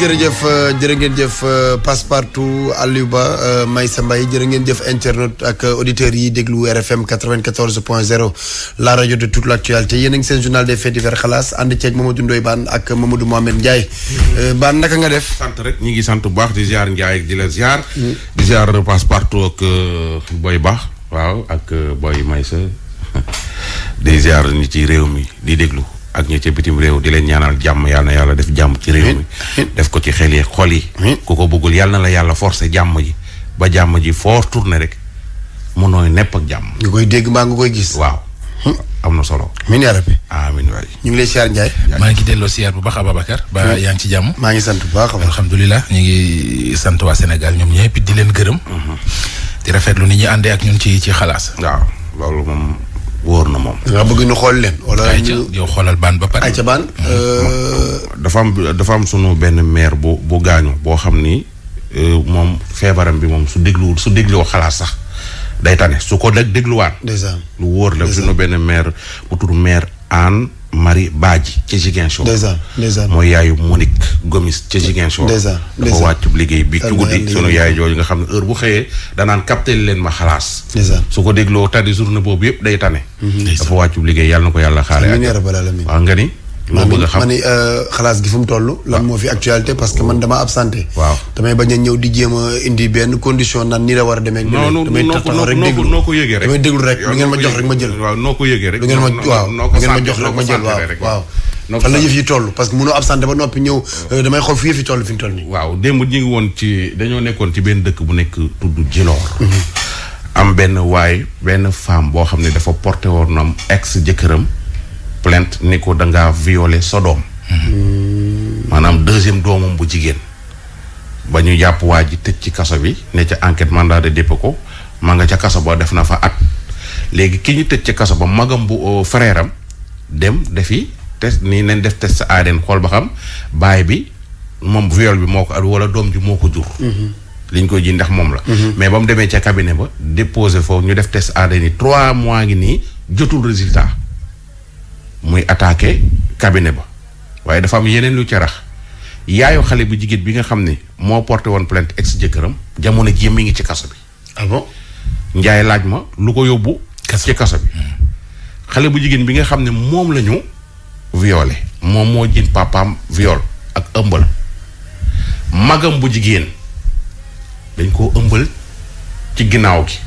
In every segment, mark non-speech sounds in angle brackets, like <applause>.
jërëjëf euh, jërë ngeen jëf euh, Passepartout Aliou Ba euh, Maysa mbay jërë ngeen jëf internet ak auditeurs yi déglu RFM 94 point 0 la rajo de tout l' actualité yéen a ngi seen journal des faits divers xalaas ànd ceeg Mamadou Ndoye Bane ak Mamadou Mohamed Ndiaye. Mm-hmm. Bane naka nga def. sant rek ñu ngi sant bu baax di ziar Ndiaye di la ziar. Mm-hmm. di ziar Passepartout ak booy baax waaw ak Boy Maysa <laughs> di ziar ñi ci réew mi di déglu. ak ñi ca bitim réew di leen ñaanal jàmm yàlla na yàlla def jàmm ci réew mi def ko ci xel yi xol yi ku ko bëggul yàlla na la yàlla forcé jàmm ji ba jàmm ji foo tourné rek mu nooy nepp ak jàmm nga koy dégg maa nga koy gis waaw am na solo min yaa rabbi amin waay ñu ngi lay siyaar Njaay maa ngi delloo siyaar bu ba Ababacar ba yaa ngi ci jàmm maa ngi sant bu baax alhamdulilah ñu ngi sant waa Sénégal ñoom ñëpp di leen gërëm mhm. di rafetlu ni ñu àndee ak ñun ci ci xalaas waaw wóor na moom. da bëgg ñu xool leen. wala ñu yow xoolal baan ba pare. ayca baan. Euh, dafa am dafa am sunu benn maire bu bu gaañu boo xam ni euh, moom feebaram bi moom su dégluwul su dégloo xalaat sax day su ko nag dégluwaat. lu wóor la sunu benn maire bu tudd maire aan Marie Badji ca Ziguinchor. dèjà dèjà mooy yaayu Monique Gomis ca Ziguinchor. dèjà dèjà dafa wàccub liggéey bi ci guddi sunu yaay jooju nga xam ne heure bu xëyee danaan capté leen ma xalaas. su ko dégloo tàddi journée boobu yëpp day tane. dafa wàccub liggéey yàlla na ko yàlla xaaree. waaw nga ni. moo bëgg a xam ma ni euh, xalaas gi fu mu toll. lan moo fi actualité parce que man dama absenté. waaw damay bañ ñëw di jéem a indi benn condition nan nii la war a demee. non non noo ko noo ko yëgee rek damay déglu rek lu ngeen ma jox rek ma jël. waaw noo ko yëgee rek. lu ngeen ma waaw lu jox rek ma waaw waaw. toll parce que mënoo absenté ba noppi ñëw euh, damay xool fu yëf yi toll fi mu toll nii. waaw démb ñu ngi woon ci dañoo nekkoon ci benn dëkk bu nekk tudd Djilor. Mhm. am benn waay benn femme boo xam ne dafa porté woon am ex jëkkëram plainte ni ko danga ngaa violer sa doom. maanaam deuxième doomam bu jigéen. ba ñu jàpp waa ji tëj ci kaso bi ne ca enquête mandat de dépôt ko ma nga ca kaso def na fa at. léegi ki ñu tëj ca kaso ba magam bu euh, frère dem defi test nii nañ def test ADN xool ba xam baay bi moom viol bi moo ko wala doom ji moo ko jur. Mhm. liñ ñu koy ji ndax moom la. Mhm. mais ba mu demee ca cabinet ba déposé foofu ñu def test ADN yi trois mois ngi nii jotul résultat. muy attaqué cabinet ba waaye dafa am yeneen lu ca yaayu xale bu jigéen bi nga xam ne moo porté woon plainte ex jëkkëram jamono jii mi ngi ci kaso bi. Ah njaay laaj ma lu ko yóbbu. ci kaso bi. xale bu jigéen bi nga xam ne moom lañu ñu moom moo jin papaam viol ak ëmbal magam bu jigéen dañ koo ëmbal ci ginnaaw gi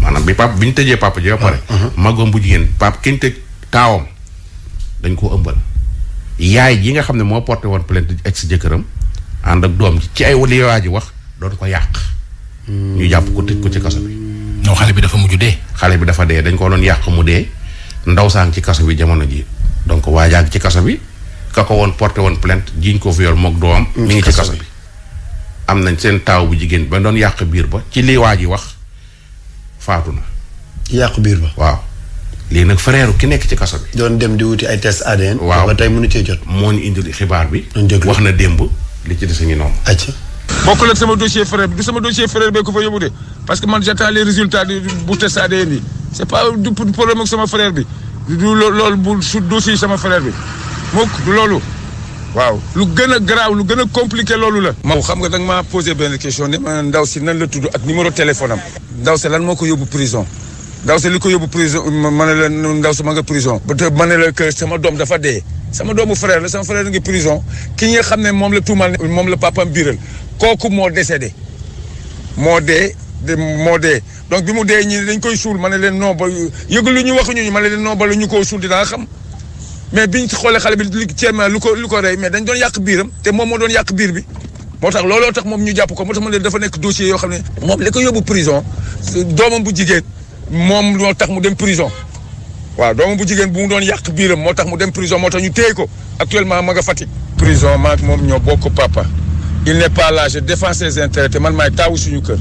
maanaam bi pap bi ñu tëjee papa ji ba pare ah, ah. magam bu jigéen pap ki ñu taawam dañ koo ëmbal yaay ji nga xam ne moo porté woon plainte ex jëkkëram ànd ak doom ji ci ay wali waa wax doon ko yàq ñu jàpp ko tëj ko ci kaso bi non xale bi dafa mujj dee xale bi dafa dee dañ koo doon yàq mu dee ndaw saang ci kaso bi jamono ji donc waajaa ci kaso bi ka ko woon porté woon plant jiiñ ko fi viol mook doom mm, mi ngi ci kaso bi am nañ seen taaw bu jigéen ba doon yàq biir ba ci li waa wax faatu na yàq biir ba waaw léegi nag frère ki nekk ci kaso bi. doon dem di wuti ay test ADN. waaw ba tey mënu cee jot. moo ñu indil xibaar bi. wax na démb li ci des a ngi noonu. acca. bokkul ak sama dossier frère bi du sama dossier frère bee ko fa yóbbu parce que man j'attends les bu test ADN yi c'est pas sama frère bi du loolu bu su dossier sama frère bi mook loolu. waaw lu gën a garaaw lu gën a compliqué loolu la. moom xam nga da maa posé benn question ne ma ndaw si nan la tudd ak numéro téléphone am. ndaw si lan moo ko yóbbu prison. ndaw si li ko yóbbu prison ma ne la ndaw si ma nga prison ba ma la que sama doom dafa dee sama doomu frère la sama frère la ngi prison ki nga xam ne moom la tuumal moom la papam biiral kooku moo décédé moo dee moo dee donc bi mu dee koy suul ma ne leen non ba lu ñu waxuñu ñu ma ne leen non ba lu ñu koo suul dinaa xoolee xale bi li ceema lu ko mais dañ doon yàq biiram te moom moo doon yàq biir bi moo tax looloo tax moom ñu ko moo ma ne dafa nekk dossier yoo xam ne moom li ko yóbbu prison doomam bu jigéen moom ñoo tax mu dem prison waaw doomu bu jigéen bu mu doon yàq biiram moo tax mu dem prison moo tax ñu téye ko actuellement ma nga Fatick. prison maak moom ñoo bokk papa il n'est pas là je défends ses te man maay taawu suñu kër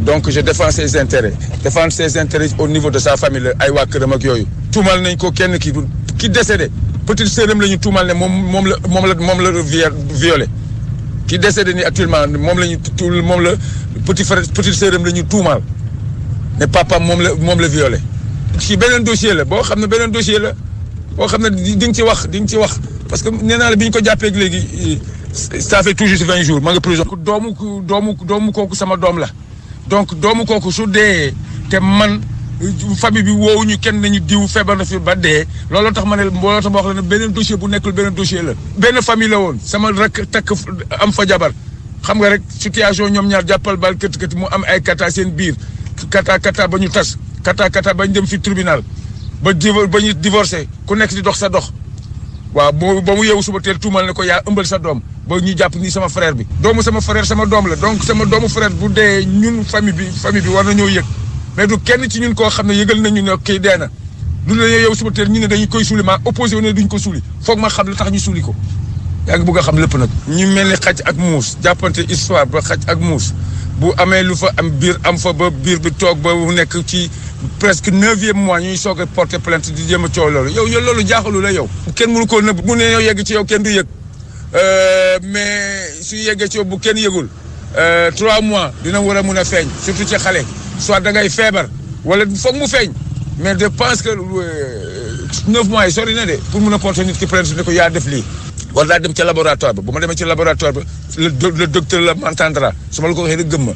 donc je défends ses intérêts défendre ses intérêts au niveau de sa famille la ay waa këram ak yooyu. tuumal nañ ko kenn ki ki décédé petite sœuram la ñu tuumal ne moom moom la moom la moom la violé ki décédé ni actuellement moom la ñu moom la petit frère la ñu tuumal. ne papa moom la moom la violé ci beneen dossier la boo xam ne beneen dossier la boo xam ne di nga ci wax di nga ci wax parce que nee naa la bi ñu ko jàppee léegi ça fait toujours vingt jours ma nga prison doomu doomu doomu kooku sama doom la donc doomu kooku su dee te man famille bi woowuñu kenn nañu diw feebar na fi ba dee looloo tax ma ne looloo tax ma wax la ne beneen dossier bu nekkul beneen dossier la benn famille la woon sama rakk takk am fa jabar xam nga rek situation ñoom ñaar jàppal bal kët kët mu am ay kata seen biir kata kata ba ñu tas kata kata ba ñu dem fi tribunal ba ba ñu divorcé ku nekk di dox sa dox waaw ba mu yeewu suba teel tuumal ne ko yaa ëmbal sa doom ba ñu jàpp ni sama frère bi. doomu sama frère sama doom la donc sama doomu frère bu dee ñun famille bi famille bi war na nañoo yëg mais du kenn ci ñun koo xam ne yëgal nañu ne kii dee na du la yeewu suba teel ñu ne dañu koy suuli maa opposé wu ne duñ ko suuli foog ma xam lu tax ñu suuli ko. yaa ngi bëgg xam lépp nag ñu mel ni xaj ak muus jàppante histoire ba xaj ak muus bu amee lu fa am biir am fa ba biir bu toog ba nekk ci presque neuvième mois ñuy soog a porter plainte di jéem a coow loolu yow yow loolu jaaxalu la yow kenn ko koo nëbb mu ne yow yegg ci yow kenn du yëg euh, mais si yeggee ci yow bu kenn yëgul euh, trois mois dina war a mun a feeñ surtout ci xale soit da ngay feebar wala foog mu feeñ mais de pense que euh, neuf mois yi sori na de pour mun a porter nit ki plainte ne ko yaa def lii war naa dem ca laboratoire bi bu ma demee ci laboratoire ba le le la m'entendra su ma la ko waxee rek gëm ma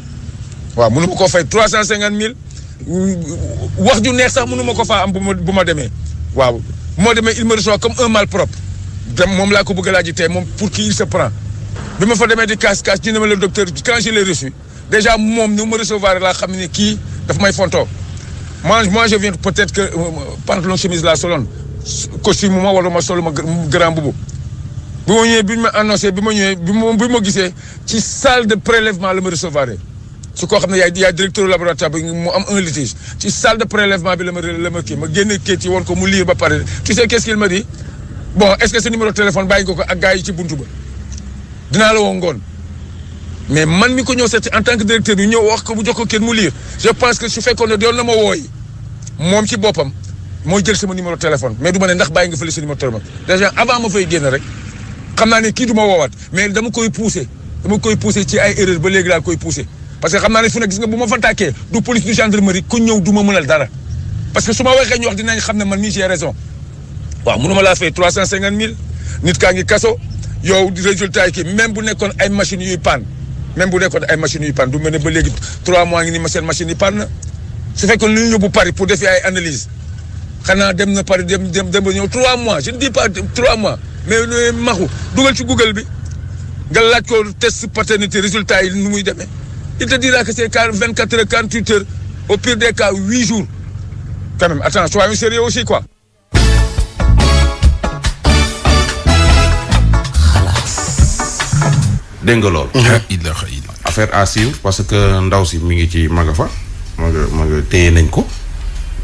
waaw mënu ma koo fay trois cent cinquante mille wax ju neex sax mënu ma ko faa am bu ma bu ma demee waaw bu ma demee il me reçoit comme un malpropre dem moom laa ko bëgg a laaj tey moom pour qui il se prend bi ma fa demee di casse casse ñu ne ma le docteur quand je l'ai reçu déjà moom ni ma recevoir laa xam ne kii daf may fontoo moi moi je viens peut-être que euh, euh, pantalon chemise laa soloon costume ma wala ma solu ma grand boubou bi ma ñëwee bi ma annoncé bi ma ñëwee bi ma bi ma gisee ci salle de prélèvement la ma recevoir su koo xam ne yaay yaay directeur laboratoire bi mu am un litige ci salle de la ma la ma kii ma génne kii ci woon ko mu lire ba pare tu sais qu'est-ce qu'il m'a dit bon est-ce que sa numéro téléphone bàyyi nga ko ak gars yi ci buntu ba dinaa la woo ngoon mais man mi ko ñëw seet en tant que directeur bi ñëw wax ko bu jox ko kenn mu lire je pense que su fekkoon ne doon na ma wooyi moom ci boppam mooy jël sama numéro téléphone mais du ma ne ndax bàyyi nga fële sa numéro téléphone déjà avant ma fay génn rek. xam naa ne kii du ma woowaat mais dama koy poussé dama koy poussé ci ay erreur ba léegi daal koy poussé parce que xam naa ne fu ne gis nga bu ma fa tàkkee du police du gendarmerie ku ñëw du ma mënal dara parce que su ma waxee ñu wax dinañ xam ne man mii j'ai raison waaw mënuma laa fay trois cent cinquante mille nit kaa ngi kaso yow résultat yi kii même bu nekkoon ay machines yuy panne même bu nekkoon ay machine yuy panne du mel ne ba léegi trois mois ngi ni ma seen machine yi panne na pour defi ay analyse xanaa dem na Paris dem dem dem ba ñëw trois mois je ne dis pas mais nooy maxu dugal ci Google bi nga laaj ko test paternité résultat yi nu muy demee il te dira que c'est vingt quatre heures quarante huit heures au pire des cas huit jours quand même attends soyons sérieux aussi quoi dégg nga lool. Mhm. affaire à suivre parce que ndaw si mi ngi ci maga fa maga maga téye nañ ko.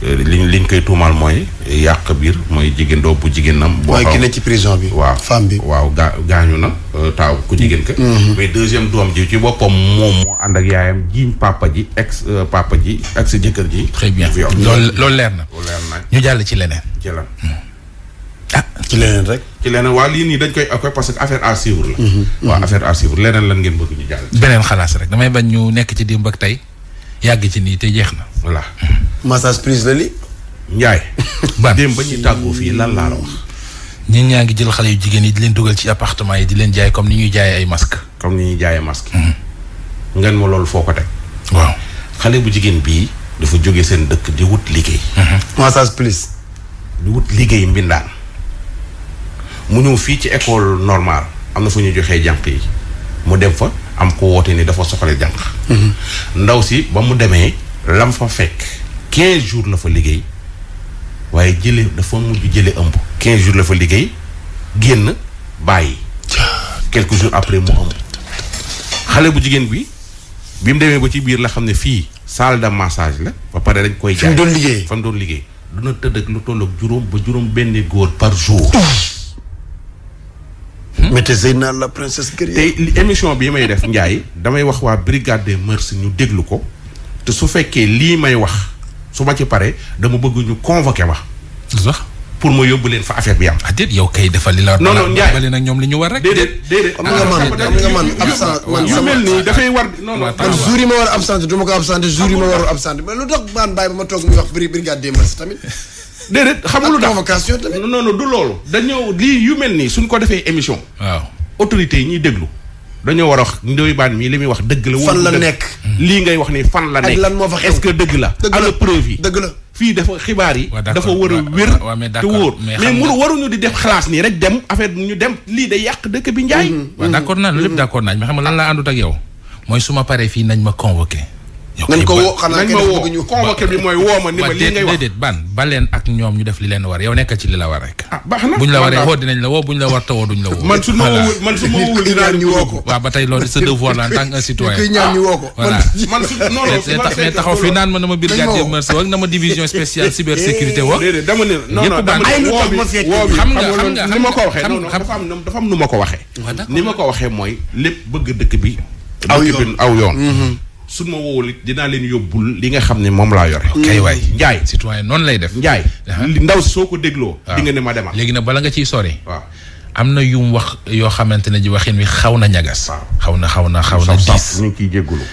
liñ liñ koy tuumaal mooy yàq biir mooy jigéen doo bu jigéenam. boo xam ci prison bi. waaw femme waaw gaa gaañu na euh, taaw ku jigéen ka. Mm-hmm. mais deuxième doom ji ci boppam moom moo ànd yaayam jiiñ pàppa ji ex papa ji ex euh, jëkkër ji. très bien loolu loolu leer na. leer na ñu jàll ci leneen. jëlaat. Hmm. ah ci leneen rek. ci leneen waa lii nii dañ koy akoy parce que affaire à suivre la. Mm-hmm. waaw mm-hmm. affaire leneen lan ngeen bëgg ñu jàll. beneen xalaas rek damay bañ ñu nekk ci démb ak tey yàgg ci nii te jeex na. voilà. massage prise la li Ndiaye. <laughs> ba ba ñuy tàggoo fii lan laa la wax. ñun ñaa ngi jël xale yu jigéen yi di leen dugal ci appartement yi di leen jaay comme ni ñuy jaaye ay masque comme ni ñuy jaaye masque mm-hmm. ngeen ma loolu foo ko teg. waaw xale bu jigéen bii dafa jóge seen dëkk di wut liggéey. Mm-hmm. massage plus. di wut liggéey mbindaan. mu ñëw fii ci école normale am na fu ñu joxee jànq yi mu dem fa am ko woote ni dafa soxla jànq. Mm-hmm. ndaw si ba mu demee lam fa fekk 15 jours la fa liggéey waaye jële dafa mujj jële ëmb 15 jours la fa liggéey génn bàyyi quelques jours après mu ëmb xale bu jigéen bi bim mu demee ba ci biir la xam ne fii salle de massage la ba pare dañ koy jaay fa mu doon liggéey fa mu doon tëdd ak lu toll juróom ba juróom benn góor par jour hmm? mettez Zeyna la princesse tey émission bi may def Ndiaye damay wax waa brigade des mœurs ñu déglu ko te su fekkee lii may wax su ma ci pare dama bëgg ñu convoqué ma. pour ma yóbbu leen fa affaire bi am. ah déet yow kay defal li la. non non Ndiaye war rek. déedéet déedéet am nga man am nga war. non non man jour yi a absent du ma ko absenté jour yi ma warul absenté mais lu tax baan bàyyi ba xam nga lu tax convocation tamit. non non du loolu. dañoo lii yu mel nii suñ ko defee émission. waaw autorités yi ñuy déglu. dañoo war a wax mii li muy wax dëgg la. fan la nekk lii ngay wax nii fan la nekk. ak lan moo fa xew est-ce que dëgg la. dëgg la à la preuve yi dëgg la. fii dafa xibaar yi. dafa war a wér te wóor. mais mënu waruñu di def xalaas nii rek dem affaire ñu dem lii day yàq dëkk bi njaay. waaw d'accord naa loolu mm-hmm. lépp d'accord naa mais xam nga lan laa àndut ak yow mooy su ma paree fii nañ ma convoqué nañ ko woo xanaa nañ ma woo convoqué bi mooy woo ma ni ma lii ba leen ak ñoom ñu def li leen war yow nekk ci li la war rek. ah baax la waree woo dinañ la woo buñ la war tawoo ko. waaw ba tey loolu sa devoir ah, woo ko voilà. man su naan ma na ma brigade merci wala na ma division spéciale eh, cybersécurité wax. déedéet dama woo bi woo bi xam nga ni ma ko waxee. non non dafa am dafa am nu ma ko waxee. ni ma ko waxee mooy lépp bëgg dëkk bi aw yoon mm-hmm. su ma woowul it dinaa leen yóbbul li nga xam ne moom laa yore. kay waay Ndiaye. citoyen noonu lay def. Ndiaye ndaw soo ko dégloo. Ah. di nga ne ma demal léegi na bala nga ciy sori. waaw am na yu mu wax yoo xamante ne ji waxin wi xaw na ñagas. xaw na xaw na xaw na diis ñu ngi ciy ne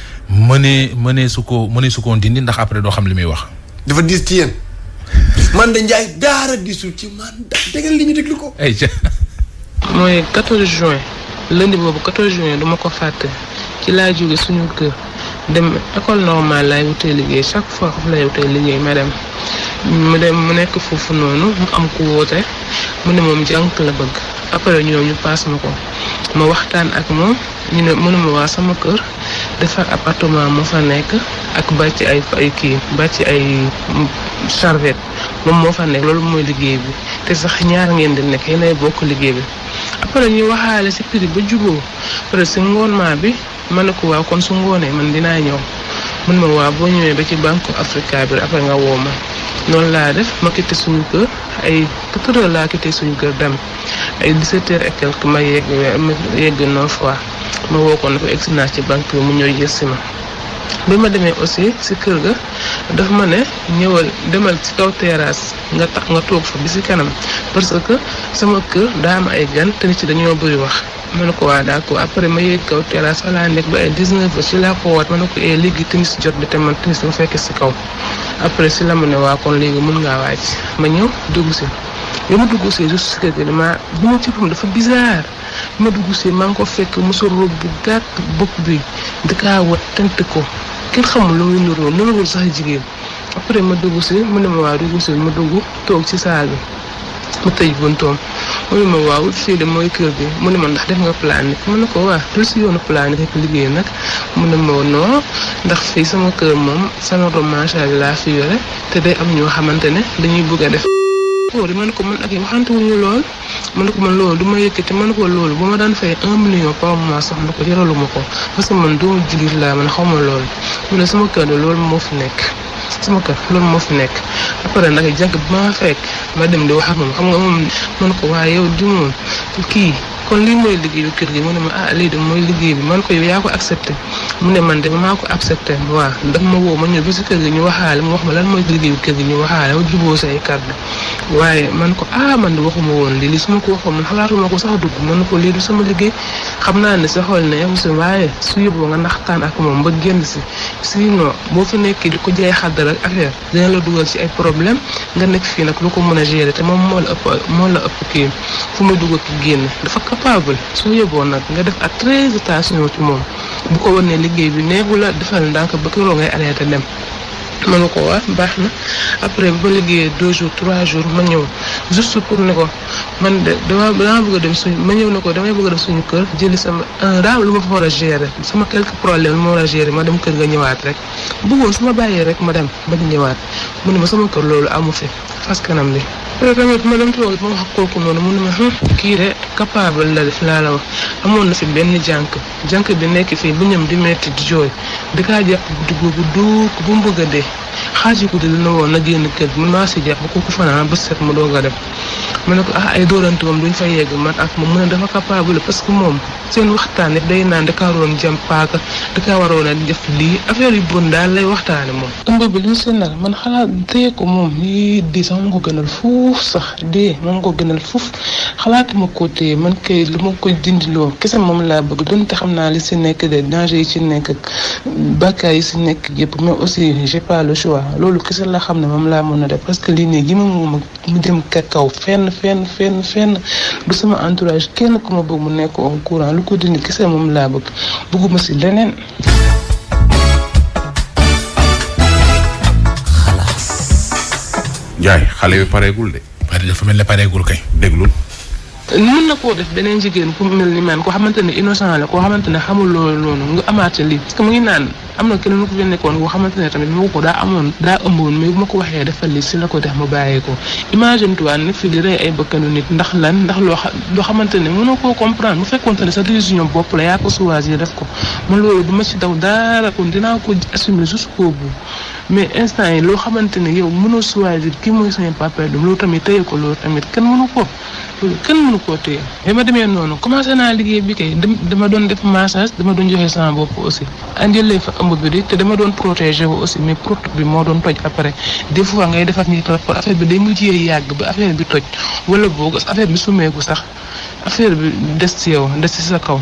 mënee mënee su ko mënee su ko dindi ndax après doo xam li muy wax. dafa diis ci yéen man de Ndiaye daara diisul ci man dégg li ñu déglu ko. ay ca. mooy 14 juin lundi boobu 14 juin ko fàtte ci laa jóge dem école normale laay wutee liggéey chaque fois foofu laay wutee liggéey ma dem mu dem mu nekk foofu noonu mu am ku woote mu ne moom jànq la bëgg après ñoom ñu paas ma ko ma waxtaan ak moom ñu ne mënuma waa sama kër defar appartement moo fa nekk ak bàcc ay ay kii bàcc ay charvette moom moo fa nekk loolu mooy liggéey bi te sax ñaar ngeen di nekk yéenay bokk liggéey bi après ñu waxaale si prix ba juboo après si ngoon bi ma ne ko waaw kon su ngoonee man dinaa ñëw mun ma waaw boo ñëwee ba ci Banque Africa bi après nga woo ma noonu laa def ma quitté suñu kër ay quatre heures laa suñu kër dem ay 17 heures et quelque ma yegg ma yegg Nord Foire ma woo ko ne ko egsi naa ci banque mu ñëw jël si ma. bi ma demee aussi si kër ga dafa ma ne ñëwal demal ci kaw terrasse nga tax nga toog fa bi si kanam parce que sama kër daa am ay gan te nit ci dañoo bëri wax. ma ne ko waa d'accord après ma yéeg kaw terrasse fa laa nekk ba ay 19 heures laa ko waat ma ne ko ee eh, léegi timis jot na te man timis dama fekk si kaw après si la ma ne waa kon léegi mën ngaa wàcc ma ñëw dugg si bi ma dugg si kër gi dama bi ma dafa bizarre bi ma dugg see maa ngi ko fekk mosor rob bu bi di kaa ko kenn xamul lu muy nuroo jigéen après ma dugg si mu ne ma waa dugg si ma dugg toog ci saa bi ma tëj buntoom mu ne ma waaw fii de mooy kër gi mu ne man ndax def nga planning mu ne ko waa lu si yoonu planning rek liggéey nag mu ne ma non ndax fii sama kër moom sama de laa fi te day am ñoo xamante ne dañuy bëgg a def. kóor yi ma ne ko man ak yi waxante wuñu lool ma ne ko man loolu du ma yëkkati ma ne ko loolu bu ma daan fay un million par mois sax ko jaralu ko parce que man doomu jullit laa man xaw ma loolu mu ne sama kër de loolu moo fi nekk. sama kër loolu moo fi nekk après nag jàgg ba maa fekk ma dem di wax ak moom xam nga moom mën waaye yow di moom kii kon lii mooy liggéeyu kër gi mu ne ma ah lii de mooy liggéey bi man ko yow yaa ko accepté mu ne man de maa ko accepté waaw daf ma woo ma ñëw ba si kër gi ñu mu wax ma lan mooy liggéey bi kër gi ñu waxaale ma juboo say kàddu waaye man ko ah man de waxuma woon lii suma ko waxoon man xalaatuma ko sax dugg man ko lii du sama liggéey xam naa ne sa xol ne yow waaye su yóbboo nga naxtaan ak moom ba génn si sinon boo fi nekkee di ko jëlee xàddara ak affaire dina la dugal ci ay problème nga nekk fii nag lu ko mën a gérer te moom moo la ëpp moo la ëpp kii fu muy dugg ki génn dafa capable soo yóbboon nag nga def ak très attention ci moom bu ko wan nee liggéey bi neexu la defal ndànk ba kiroo ngay arrêté dem mënu ko wax baax na après ba liggéeyee deux jours trois jours ma ñëw juste pour ne ko man de dama dama bëgg a dem suñu ma ñëw ne ko damay bëgg a dem suñu kër jëli sama daa lu ma fa a gérer sama quelques problèmes lu ma war a gérer ma dem kër nga ñëwaat rek bëggoon su ma bàyyee rek ma dem ba ñëwaat mu ne ma sama kër loolu amu fi fas kanam li te tamit ma dem toog ba wax ak kooku na benn jànk jànk bi nekk fii bu ñam di metti di da kaa jàpp guddi googu duuk bu mu la na woon na kër gi man maa si jàpp kooku fanaan ba set mu doog a dem. ma ne ko ah ay dóorante moom duñ fa yegg man ak moom mu ne dafa capable parce que moom seen waxtaan yëpp day naan da kaa waroon jëm paaka da kaa waroon a def lii affaire yu bon daal lay waxtaane moom. ëmb bi li seen nag man xalaat téye ko moom lii di sax ma ko gënal fuuf fuuf sax dee moom ko gënal fuuf xalaatuma ko téye man kay lu ma koy dindiloo kese moom laa bëgg donte xam naa li si nekk de danger yi ci nekk ak bàkkaar yi si nekk yëpp mais aussi j'ai pas le loolu kese la xam ne moom laa mën a def parce que lii ne gi ma moom mu dem kakaw fenn fenn fenn fenn du sama entourage kenn ku ma bëgg mu nekk au courant lu ko dindi kese moom laa bëgg bëgguma si leneen. Ndiaye xale bi pareegul de. pare dafa mel ne pareegul kay. déglul mën na koo def beneen jigéen ku mel ni man koo xamante ne innocent la koo xamante ne xamul loolu noonu nga amaat lii parce mu ngi naan am na keneen ku fi xamante ne tamit mu ko daa amoon daa ëmboon ko waxee dafa lii si la ko def mu bàyyee ko imagine toi ndax lan ndax loo loo xamante ne mënoo koo comprendre bu fekkoonte sa décision bopp la yaa ko choisir def ko man loolu du ma si daw dara kon dinaa ko assumer jusqu'au bout mais instant yi loo xamante ne yow mënoo choisir kii mooy seen papa doom loolu tamit téye ko loolu tamit kenn mënu ko kenn mënu koo téye bi ma demee noonu commencé naa liggéey bi kay dama doon def massage dama doon joxe sama bopp aussi andil lay fa ëmb bi di te dama doon protégé wu aussi mais produit bi moo doon toj après des fois ngay defar ni rapport affaire bi day mujjee yàgg ba affaire bi toj wala boog affaire bi sumeeku sax affaire bi des ci yow des ci sa kaw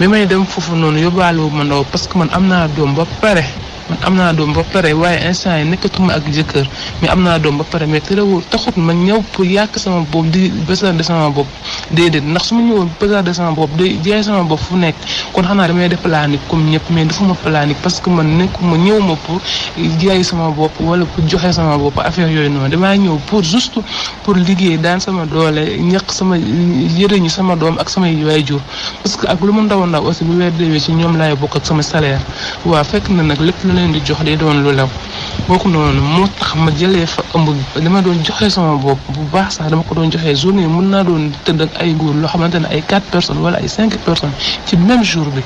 bi may dem foofu noonu yóbbaale wu ma ndaw parce que man am naa doom ba pare man am naa doom ba pare waaye instant yi nekkatuma ak jëkkër mais am naa doom ba pare mais terewul taxut ma ñëw pour yàq sama bopp di bazarder sama bopp déedéet ndax su ma ñëwoon bazarder sama bopp day jaay sama bopp nekk kon xanaa damay def planique comme ñëpp mais defuma planique que man nekkuma ñëw ma pour jaay sama bopp wala pour joxe sama bopp affaire yooyu noonu damaa ñëw pour juste pour liggéey daan sama doole ñaq sama yëre ñu sama doom ak samay waajur parce que ak lu mu ndaw ndaw aussi bu weer deewee ci ñoom laay bokk ak sama salaire waaw fekk na nag lépp leen di de day doon lu lew kooku noonu moo tax ma jëlee fa dama doon joxe sama boob bu baax sax dama ko doon joxee journée yi mën naa doon tëdd ak ay góor loo xamante ne ay quatre personnes wala ay cinq personnes ci même jour bi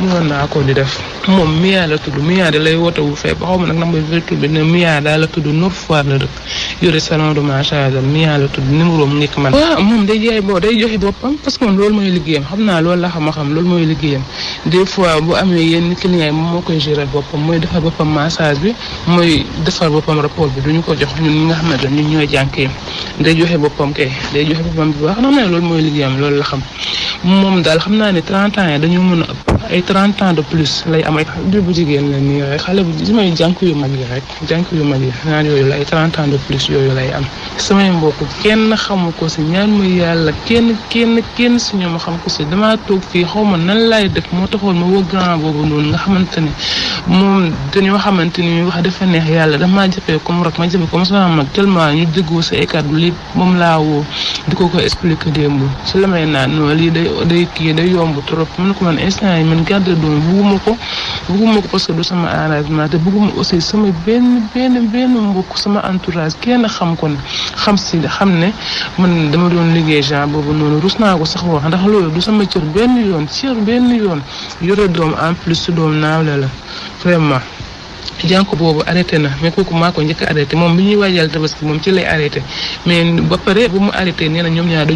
mënoon naa ko di def. moom Mia la tudd Mia da lay woote wu fee ba xaw ma nag na ma lay tudd ne Mia daal la tudd Nord Foire la dëkk yore salon de massage Mia la tudd numéro mu nekk man. waaw moom day jaay boo day joxe boppam parce moom loolu mooy liggéeyam xam naa loolu la a xam loolu mooy liggéeyam des fois bu amee yenn client moo koy gérer boppam mooy defar boppam massage bi mooy defar boppam duñu ko jox ñun ñi nga xamante ne ñun ñooy jànk yi day joxe boppam kay day joxe boppam bi baax na ne loolu mooy liggéeyam loolu la xam. moom daal xam naa ne 30 ans yi dañoo mën a ëpp ay de plus lay am ay xale jigéen la nii rek xale bu li may jànk yu mag yi rek jànk yu mag yi naa yooyu ay 30 ans de plus yooyu lay am samay mbokk kenn xamu ko si ñaan muy yàlla kenn kenn kenn si ñoom xam ko si damaa toog fii xaw ma nan laay def moo taxoon ma woo grand boobu noonu nga xamante ne moom dañoo xamante ni wax dafa neex yàlla damaa jafee comme rek ma jafee comme sama mag tellement ñu déggoo sa ay kàddu lépp moom laa woo di ko ko expliquer day kii day yomb trop man ko man instant yi man garde doom bugguma ko bugguma ko parce que du sama arrangement te bugguma aussi sama benn benn benn mbokk sama entourage kenn xam ko ne xam si xam ne man dama doon liggéey genre boobu noonu rus naa ko sax wax ndax loolu du sama cër benn yoon cër benn yoon yore doom en plus su doom naawle la vraiment jànku boobu arrêté na mais kooku maa ko njëkk a arrêté moom bi ñuy waajal tabaski moom ci lay arrêté mais ba pare bu moom jël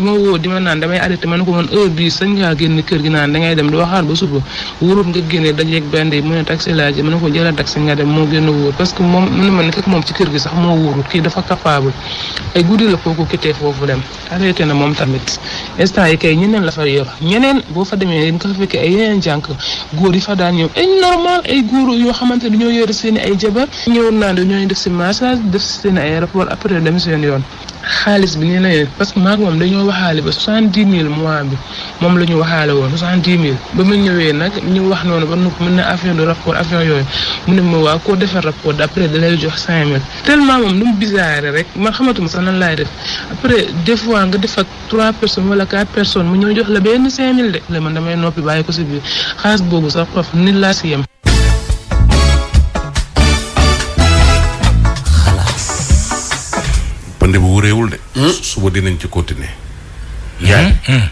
ma woo di ma naan damay arrêté ma ne ko man heure bii sañ ngaa génn kër gi naan dangay dem doo xaar ba suba wóorul nga génne dajeeg benn dem moo gën a wóor parce que moom mu ne ma nekk ak moom ci kër gi sax moo wóorul kii dafa capable ay guddi la kooku quitté foofu na moom tamit instant yi kay ñeneen la fa yor ñeneen boo fa demee nga fa fekkee ay yeneen jànk góor yi fa daan ñëw ay normal ay góor yoo xamante ne ñoo yore seen i ay jabar ñëwoon naa ne ñoo def si massage def si seen ay rapport après dem seen yoon. xaalis bi nii la yéen parce que maag moom dañoo waxaale ba soixante dix mille mois bi moom la ñu waxaale woon soixante dix mille ba mu ñëwee nag ñu wax noonu ba nopp mën na affaire de rapport affaire yooyu mu ne ma waa koo defar rapport d' après da lay jox cinq mille tellement moom nu mu bizarre rek ma xamatuma sax nan laay def après des fois nga def trois personnes wala quatre personnes mu ñëw jox la benn cinq mille de man damay noppi bàyyi ko si biir boobu sax laa si wuréewul de. Hmm? suba dinañ ci continuer. yaay hmm? Hmm?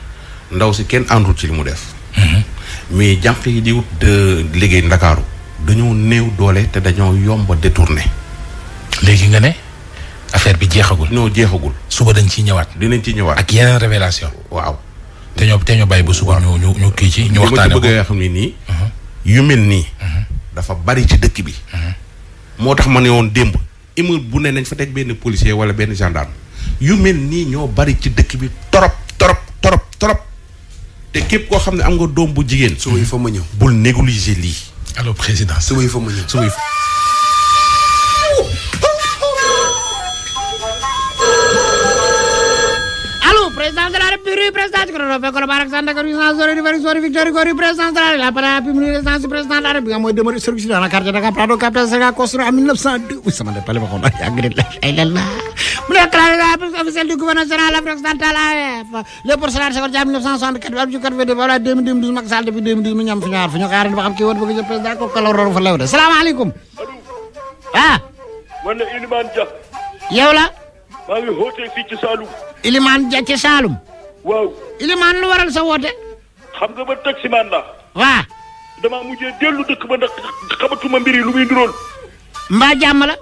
ndaw si kenn àndul ci li mu def. mais jànq yi di wut liggéey ndakaaru dañoo néew doole te dañoo yomba détourné. léegi nga ne affaire bi jeexagul. non jeexagul. suba dañ ciy ñëwaat. dinañ ci ñëwaat ak yeneen révélation waaw. te ñoo te ñoo bàyyi bu suba ñu ñu ñu kii ci ñu ma ci bëgg xam ne nii. yu mel nii. dafa bari ci dëkk bi. moo tax ma ne woon démb. immeuble bu ne nañ fa teg benn policier wala benn gendarme yu mel nii ñoo bari ci dëkk bi torop torop torop torop te képp koo xam ne am nga doom bu jigéen. suba il faut ma ñëw bul négliger lii. alors président suba il faut ma ñëw catégorie président ci kododo fe kodo barak san dakar usance zone univers zone victoire gori présidence de la la para pimni résidence président de la bi nga mooy demeure historique dans la carte Dakar Plateau capital Sénégal construit en 1902 sama de pale waxoon yàgg de la ay lalla mu nekk la plus officielle du gouverneur général Afrique occidentale AF le porcelain Senghor Dia 1964 ab ju kat fede wala 2012 Macky Sall depuis 2012 mu ñam fi ñaar fi ñu xaar ba xam kii woon bëgg jël président ko kala roor fa lew de salaamaaleykum ah man na Ilimane Dia yow la maa ngi hootee fii ci Saloum Ilimane Dia ci Saloum waaw ilimaan lu waral sa de xam nga ba taximaan la waa dama mujjee dellu dëkk ba ndax xamatuma mbir yi lu muy ndurool mbaa jàmm la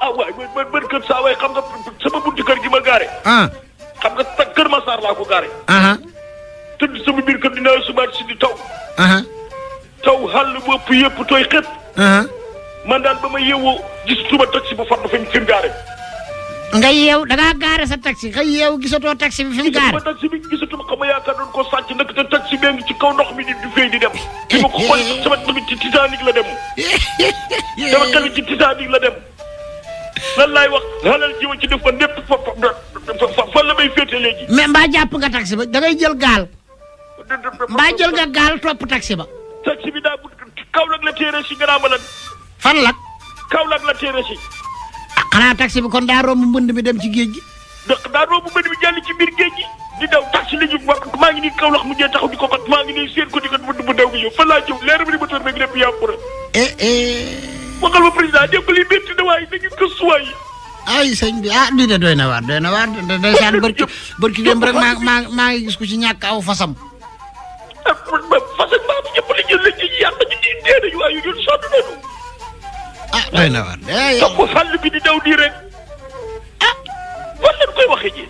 ah waay man man kër saa xam nga sama buntu kër gi ma gaare ah xam nga ta kër Massar laa ko gaare aha tëdd sama biir kër dinaa subaat si di taw aha taw xàll bopp yëpp tooy xëpp aha man daal ba ma yeewoo gis suma taxi bu fàtt fañ fi mu gaare nga yeew da ngaa gaare sa taxi nga yeew gisatoo taxi bi fi mu gaare. taxi bi gisatuma xam nga yaakaar doon ko sàcc nag te taxi bee ngi ci kaw ndox mi di di fay di dem. fi ma ko xoolee sama xel ci Titanic la dem. sama xel <laughs> ci Titanic la jiw ci def ko lépp fa fa fa la may féete léegi. mais mbaa jàpp nga taxi ba da ngay jël gaal. mbaa jël nga gaal topp taxi ba. taxi bi daa gudd kaw la téere si gannaaw ma lan. fan la. kaw la téere si. xanaa taxi bi kon daa romb mbënd mi dem ci géej gi. daa romb mbënd mi jàll ci biir géej gi. di daw taxi la ñu wax maa ngi nii Kaolack mu jee taxaw di ko kat maa ngi nii seen ko di ko bu daw bi yow fan laa jëm leer bi ni moteur rek lépp yàqu rek. eh eh. waxal ma président dégg li métti na waaye dañuy gëstu waaye. ay sëñ bi ah lii de doy na waar doy na waar ndeysaan <laughs> barki barki dem rek maa maa maa ngi gis ku ci ñàkk aw fasam. ah man man fasam maa ngi ñëpp li doy na waar eh, topp fàll di daw di rek ah fan koy waxee ji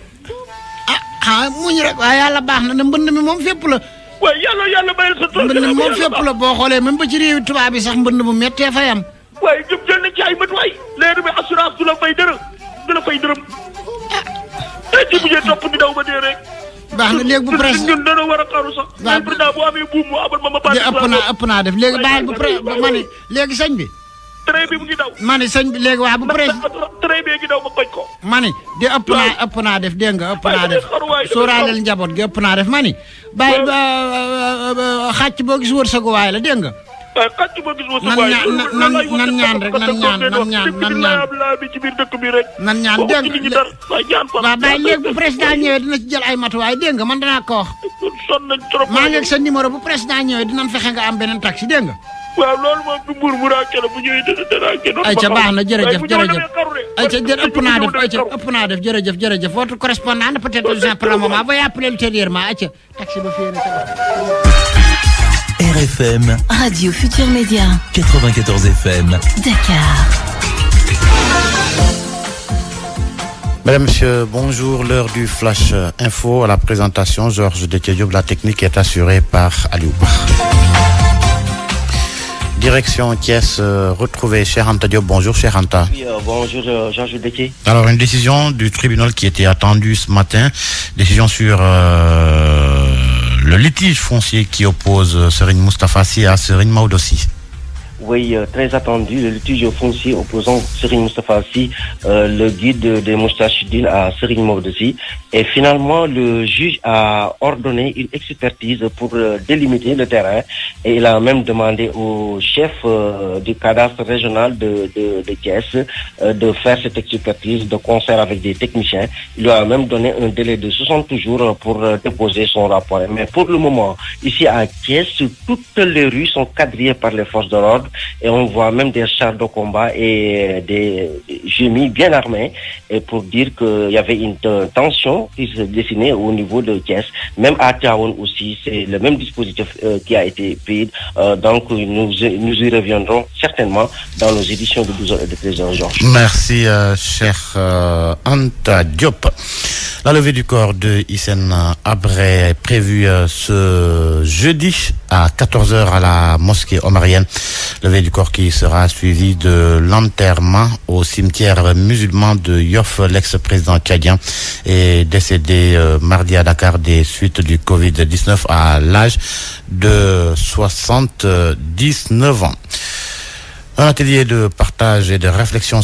ah ah muñ rek waaye ah, yàlla baax na ne mbënd mi moom fépp la waaye yàlla yàlla bayal sa tool mbënd mi moom fépp boo xoolee même ba ci réewi bi sax mbënd mu méttee fay yam waaye ñoom jël nañ ci ay matuwaay léegi bi assurance du la fay dërëm du la fay dërëm ah eh, ci di daw ba dee rek baax na léegi bu presse ñun dana a xaru sax. waaw président bu amee buum mu abal ma ma. baax na naa ëpp def léegi bàyyil bu presse ma ne léegi sëñ bi. train bi mu ngi daw. ma ni sëñ bi léegi waa bu président train bee ngi daw ma toj ko. ma ni di ëpp naa ëpp naa def dégg nga ëpp naa def sóoraaleel njaboot gi ëpp naa def ma ni. bàyyi ba xàcc boo gis wërsëgu waay la dégg nga. waaw xàcc boo gis wërsëgu waay nan nan ñaan rek nan ñaan nan ñaan nan ñaan. ci biir dëkk bi rek. nan ñaan dina ci jël ay matuwaay dégg nga man danaa ko wax. sonn nañ trop maa ngi ak sa numéro bu président ñëwee dinañ fexe nga am beneen taxi dégg nga waaw loolu moom du mbuur mu ràcce la bu ñëwee dana dana gënoon. ayca baax na jërëjëf jërëjëf ayca jërëjëf ëpp naa def ayca ëpp naa def jërëjëf jërëjëf votre correspondant peut-être urgent pour le moment veuillez appeler ultérieurement ayca taxi ba fii yéen RFM Radio Futur Média 94 FM Dakar. Madame, Monsieur, bonjour. L'heure du Flash Info à la présentation. Georges Détiédio, la technique est assurée par Aliouba. Direction Thiès, euh, retrouver Cher Anta Diop. Bonjour Cher Anta. Euh, euh, une décision du tribunal qui était attendue ce matin, décision sur euh, le litige foncier qui oppose Serine Moustapha Sy à Serine Maudossi. oui, euh, très attendu, le litige foncier opposant Serine Mustafa Sy, euh, le guide des Moustachidines à Serine Mordesi. Et finalement, le juge a ordonné une expertise pour euh, le terrain et il même demandé au chef euh, du cadastre régional de, de, de Thiès euh, de faire cette expertise de concert avec des techniciens. Il lui a même donné un délai de 60 jours pour déposer son rapport. Mais pour le moment, ici à Thiès, toutes les par les forces et on voit même des chars de combat et des génies bien armés pour dire qu'il y avait une tension qui se dessinait au niveau de Thiès. Même à Taon aussi, c'est le même dispositif euh, qui a été pris. Euh, donc nous, y reviendrons certainement dans nos éditions de 12 de 13 Georges. Merci, euh, cher euh, Anta Diop. La levée du corps de Hissène Habré est prévue euh, ce jeudi à 14h à la mosquée omarienne. Levée du corps qui de l'enterrement au cimetière musulman de Yoff. L'ex-président tchadien est décédé euh, mardi à Dakar des suites du Covid-19 à l'âge de 79 ans. Un atelier de partage de réflexion